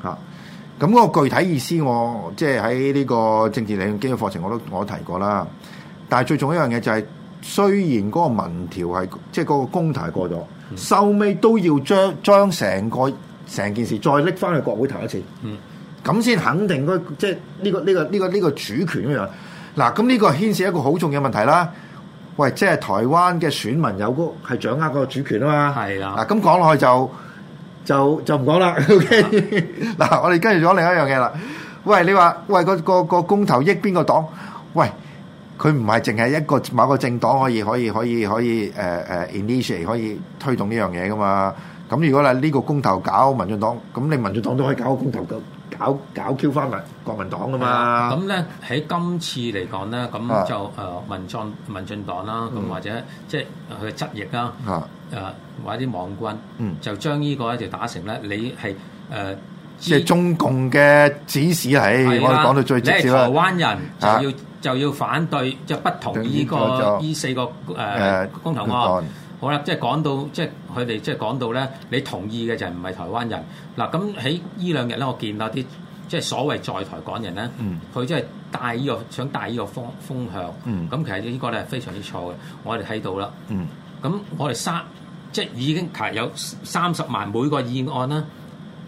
嚇。咁、嗯、嗰、啊嗰個具體意思我，我即係喺呢個政治理論經濟課程我，我都我提過啦。但係最重要一樣嘢就係，雖然嗰個民調係即係嗰個公投過咗，收、嗯、尾都要將將成個成件事再拎翻去國會投一次，咁、嗯、先肯定即係呢、呢個呢、呢個呢、呢個呢、呢個主權咁樣。嗱、啊，咁呢個牽涉一個好重要問題啦。喂，即係台灣嘅選民有個係掌握嗰個主權啊嘛，係啊，嗱咁講落去就就就唔講啦。OK。嗱，我哋跟住講另一樣嘢啦。喂，你話喂個個個公投益邊個黨？喂，佢唔係淨係一個某個政黨可以可以可以可以誒誒 initiate 可以推動呢樣嘢噶嘛？咁如果嗱呢個公投搞民進黨，咁你民進黨都可以搞個公投嘅。搞搞 Q 翻民，國民黨啊嘛。咁咧喺今次嚟講咧，咁就誒民壯、民進黨啦，咁、嗯、或者即係佢執役啦，誒、啊啊、或者啲網軍、嗯，就將呢個一就打成咧，你係誒、呃、即係中共嘅指使係、啊，我哋講到最直接啦。台灣人就要就要反對，啊、就不同意、這個呢四、啊這個就、啊、公投案。同、uh,。好啦，即係講到，即係佢哋即係講到咧，你同意嘅就唔係台灣人嗱。咁喺呢兩日咧，我見到啲即係所謂在台港人咧，佢、嗯、即係帶呢、呢個想帶呢個風風向。咁、嗯、其實呢個咧係非常之錯嘅。我哋睇到啦。咁、嗯、我哋三即係已經其實有三十萬每個議案啦，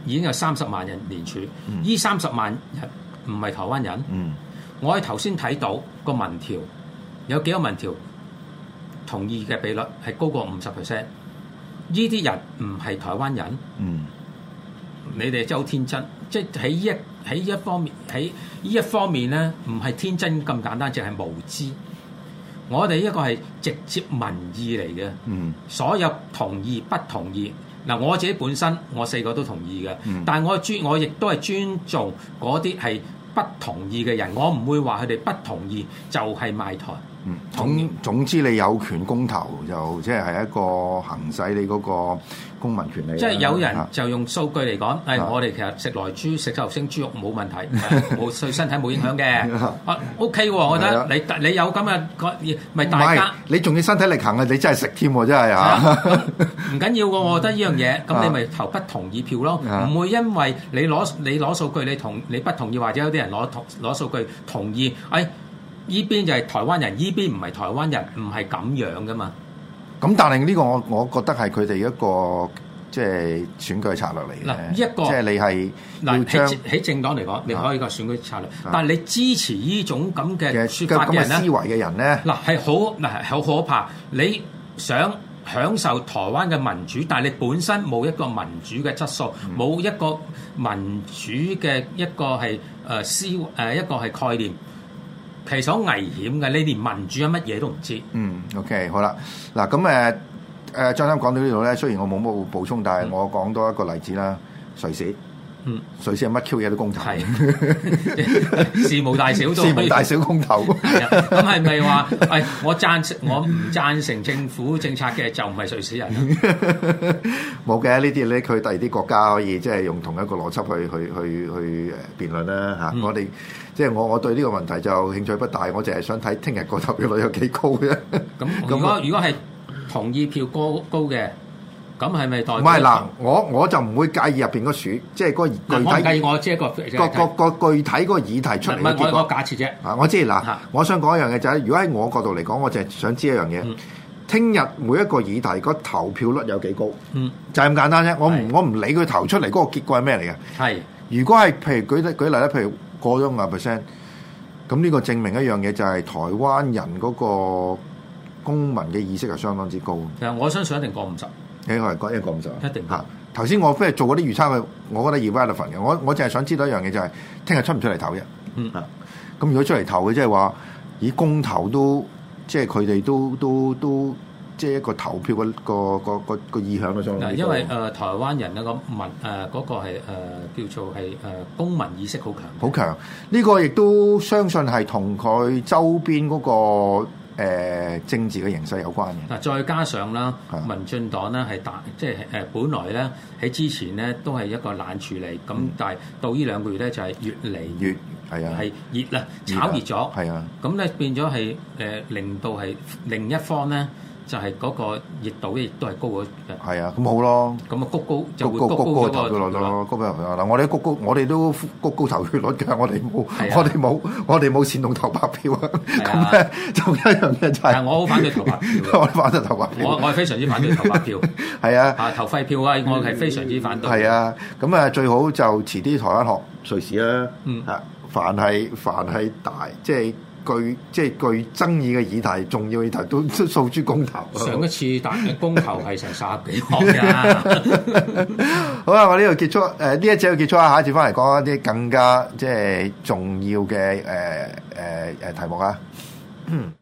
已經有三十萬人連署。呢三十萬人唔係台灣人。嗯、我哋頭先睇到個民調有幾個民調？同意嘅比率係高過五十 percent，呢啲人唔係台灣人？嗯、你哋真係好天真。即係喺呢一喺呢一方面喺呢一方面咧，唔係天真咁簡單，淨係無知。我哋一個係直接民意嚟嘅、嗯，所有同意不同意嗱，我自己本身我四個都同意嘅、嗯，但係我尊我亦都係尊重嗰啲係不同意嘅人，我唔會話佢哋不同意就係、是、賣台。嗯，總總之你有權公投就即係一個行使你嗰個公民權利。即係有人就用數據嚟講，係、啊哎、我哋其實食萊豬食頭升豬肉冇問題，冇 [LAUGHS] 對身體冇影響嘅。 [LAUGHS] 啊、o、okay、k 我覺得你的你有咁嘅，咪、就是、大家不是你仲要身體力行嘅，你真係食添，真的、啊啊、 [LAUGHS] 係嚇。唔緊要喎，我覺得依樣嘢，咁你咪投不同意票咯，唔、啊、會因為你攞你攞數據，你同你不同意，或者有啲人攞同攞數據同意，哎。依邊就係台灣人，依邊唔係台灣人，唔係咁樣噶嘛。咁但係呢個我我覺得係佢哋一個即係、就係、選舉策略嚟嘅。嗱，一個即係你係嗱喺政黨嚟講，你可以個選舉策略。啊、但你支持種呢種咁嘅説法嘅人咧，嗱係好嗱係好可怕。你想享受台灣嘅民主，但你本身冇一個民主嘅質素，冇、嗯、一個民主嘅一個係誒思誒一個係概念。其實好危險嘅，呢啲民主乜嘢都唔知。嗯，OK，好啦，嗱咁誒，誒張生講到呢度咧，雖然我冇乜補充，但係我講多一個例子啦。瑞士，嗯，瑞士乜 Q 嘢都公投，事無大小，事無大小公投，咁係咪話？誒，我贊成，我唔贊成政府政策嘅，就唔係瑞士人。冇嘅，呢啲咧，佢第二啲國家可以即係用同一個邏輯去去去去辯論啦。吓，我哋。即係我我對呢個問題就興趣不大，我淨係想睇聽日個投票率有幾高啫。咁如果 [LAUGHS] 如果係同意票高高嘅，咁係咪代唔係嗱？我我就唔會介意入邊個署，即係個具體。我介我知一、這個個個,個,個具體個議題出嚟嘅結果、那個、假設啫。啊，我知嗱，我想講一樣嘢，就係，如果喺我角度嚟講，我就係想知道一樣嘢，聽、嗯、日每一個議題個投票率有幾高。嗯、就係、是、咁簡單啫。我唔我唔理佢投出嚟嗰個結果係咩嚟嘅。係如果係譬如舉舉例咧，譬如。過咗五十 percent，咁呢個證明一樣嘢就係台灣人嗰個公民嘅意識係相當之高。其實我相信一定過五十，呢個係過，一定過五十，啊。一定嚇！頭先我非係做嗰啲預測嘅，我覺得 relevant 嘅。我我淨係想知道一樣嘢就係聽日出唔出嚟投嘅。嗯啊，咁如果出嚟投嘅，即係話以公投都，即係佢哋都都都。都都即係一個投票嘅個個個,個,個,個意向嗰種。嗱，因為誒、呃、台灣人咧、呃嗰個民誒嗰個係叫做係誒公民意識好強,強，好強。呢個亦都相信係同佢周邊嗰、嗰個、呃、政治嘅形勢有關嘅。嗱，再加上啦，啊、民進黨咧係大，即係誒本來咧喺之前咧都係一個冷處理，咁、嗯、但係到呢兩個月咧就係、是、越嚟越係啊，係熱啦，炒熱咗。係啊，咁咧、啊、變咗係誒令到係另一方咧。就係、是、嗰個熱度亦都係高咗。係啊，咁好咯。咁啊，谷高，高就會高咗個頭嘅咯。高咗頭嗱，我哋谷高，我哋都谷高投票率㗎。我哋冇、啊，我哋冇，我哋冇煽動投白票啊。咁咧，就一樣咧、就是，就係。我好反對投白票，票、， [LAUGHS] 啊啊、票。我反對投白票。我我係非常之反對投白票。係啊，投廢票啊，我係非常之反對。係啊，咁啊，最好就遲啲台灣學瑞士啦。嗯，凡係凡係大，即係。具即係具爭議嘅議題，重要議題都數住公投。上一次打嘅公投係成三十幾個啊！好啦，我呢度結束，誒呢一節要結束啦，下一節翻嚟講一啲更加即係重要嘅誒誒誒題目啊。嗯